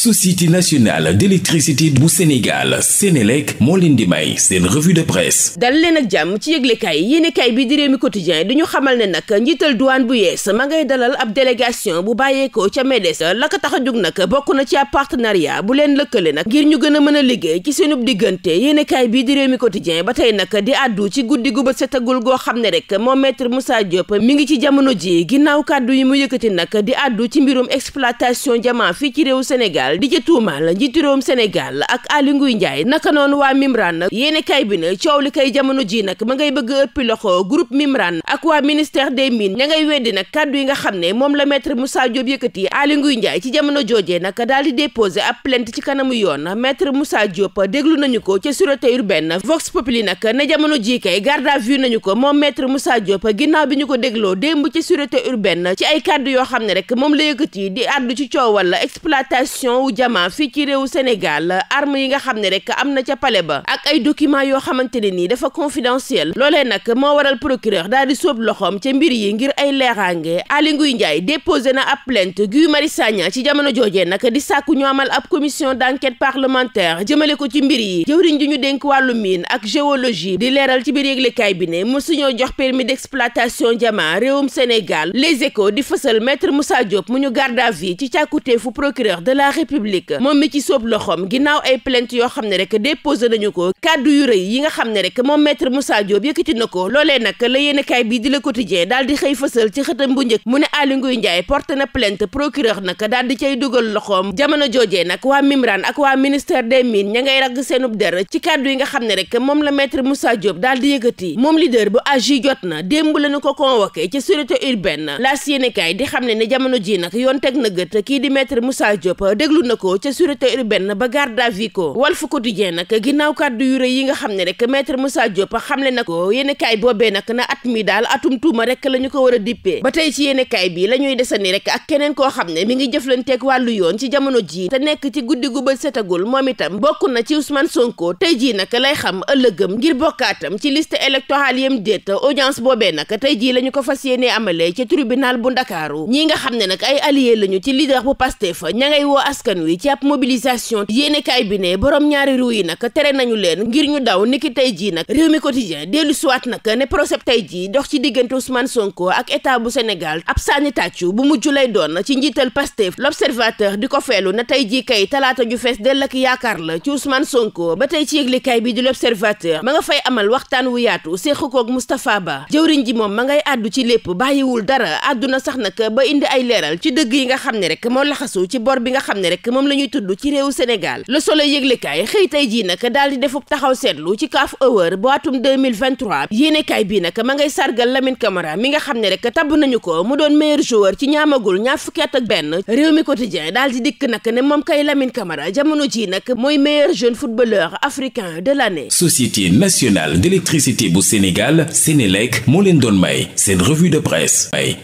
société nationale d'électricité bu Sénégal Sénélec moo leen di may seen revue de presse dal leen ak jàmm ci yëglekaay yéenekaay bi di Rewmi Quotidien di ñu xamal ne nag njiital douane bu yees ma ngay dalal ab délégation bu bàyyeekoo ca MEDES la ko tax a jóg nag bokk na ci ab partenariat bu leen lëkkale nag ngir ñu gën a mën a liggéey ci seenub diggante yéenekaay bii di Rewmi Quotidien ba tey nag di àddu ci guddi gu bët setagul goo xam ne rek moom maître Moussa Diop mi ngi ci jamono ji ginnaaw kàddu yi mu yëkkati nag di àddu ci mbirum exploitation diamant fii ci réew Sénégal Sall di ca tuumaal njiitu réewum Sénégal ak Aly Ngouille Ndiaye naka noonu waa Mimran yéene kay bi ne coow li kay jamono ji nag ma ngay bëgg ëppi loxo groupe Mimran ak waa ministère des mines ña ngay weddi nag kàddu yi nga xam ne moom la maître Moussa Diop yëkkati Aly Ngouille Ndiaye ci jamono joojee nag daal di déposé ab plainte ci kanamu yoon maître Moussa Diop déglu nañu ko ca sûreté urbaine Vox yi nag ne jamono ji kay garde à vue nañu ko moom maître Moussa Diop ginnaaw bi ñu ko dégloo démb ci sûreté urbaine ci ay kàddu yoo xam ne rek moom la yëkkati di àddu ci coowal exploitation président wu Jama fii ci réewu Sénégal arme yi nga xam ne rek am na ca palais ba ak ay documents yoo xamante ne nii dafa confidentiel loolee nag moo waral procureur daal di sóob loxoom ca mbir yi ngir ay leeraange Aly Ngouille Ndiaye déposé na ab plainte Guy Marius Sagna ci jamono joojee nag di sàkku ñu amal ab commission d'enquête parlementaire jëmale ko ci mbir yi jëwriñ ji ñu dénk wàllu mine ak géologie di leeral ci biir yëglekaay bi ne mosuñoo jox permis d'exploitation Jama réewum Sénégal les échos di fësal maître publique moom mi ci sóob loxoom ginnaaw ay plainte yoo xam ne rek déposé nañu ko kàddu yu rëy yi nga xam ne rek moom maître Moussa Diop yëkkati na ko loolee nag la yéenekaay bii di Le Quotidien daal di xëy fësal ci xëtam bu njëkk mu ne Aly Ngouille Ndiaye porte na plainte procureur nag daal di dugal loxoom jamono joojee nag waa Mimran ak waa ministère des mines ña ngay ragg seenub der ci kàddu yi nga xam ne rek moom la maître Moussa Diop daal yëkkati moom leader déglu na ko ca sûreté urbaine ba nag yi nga xam ne rek maître Moussa Diop xamle na ko yéene kaay boobee nag na at mi daal atum tuuma rek la ñu ko war a dippee ba tey ci yéene kaay bi la ñuy desani rek ak keneen koo xam ne mi ngi jëflanteeg wàllu yoon ci jamono ji te nekk ci guddi gu bët setagul moom itam bokk na ci Ousmane Sonko tey jii nak lay xam ëllëgëm ngir bokkaatam ci liste électorale yam déet audience boobee nak tey jii la ko fas yéenee amalee ci tribunal bu Ndakaaru ñi nga xam ne nag ay allié lañu ci leader bu Pastef ña ngay woo askan askan wi ci ab mobilisation yéenekaay bi ne borom ñaari ruu yi nag tere nañu leen ngir ñu daw niki tey jii nag réew mi quotidien dellu siwaat nag ne procès tey jii dox ci diggante Ousmane Sonko ak état bu Sénégal ab sànni tàccu bu mujj lay doon ci njiital Pastef l'observateur di ko feelu na tey jii kay talaata ju fees dell ak yaakaar la ci Ousmane Sonko ba tey ci yëglekaay bi di l'observateur ma nga fay amal waxtaan wu yaatu séq koog Moustapha Ba jëwriñ ji moom ma ba indi ay leeral ci dëgg yi nga xam nekk moom la ñuy tudd ci réewu Sénégal Le Soleil yëglekaay xëy tey jii nag daal di defub taxaw seetlu ci CAF Awards bu atum 2023 yéenekaay bii nag ma ngay sargal Lamine Camara mi nga xam ne rek tabb nañu ko mu doon meilleur joueur ci ñaamagul ñaar fukki ak benn réew mi quotidien daal di dikk nag ne moom kay Lamine Camara jamono ji nag mooy meilleur jeune footballeur africain de l'année Société nationale d'électricité bu Sénégal Sénélec moo leen doon may seen revue de presse may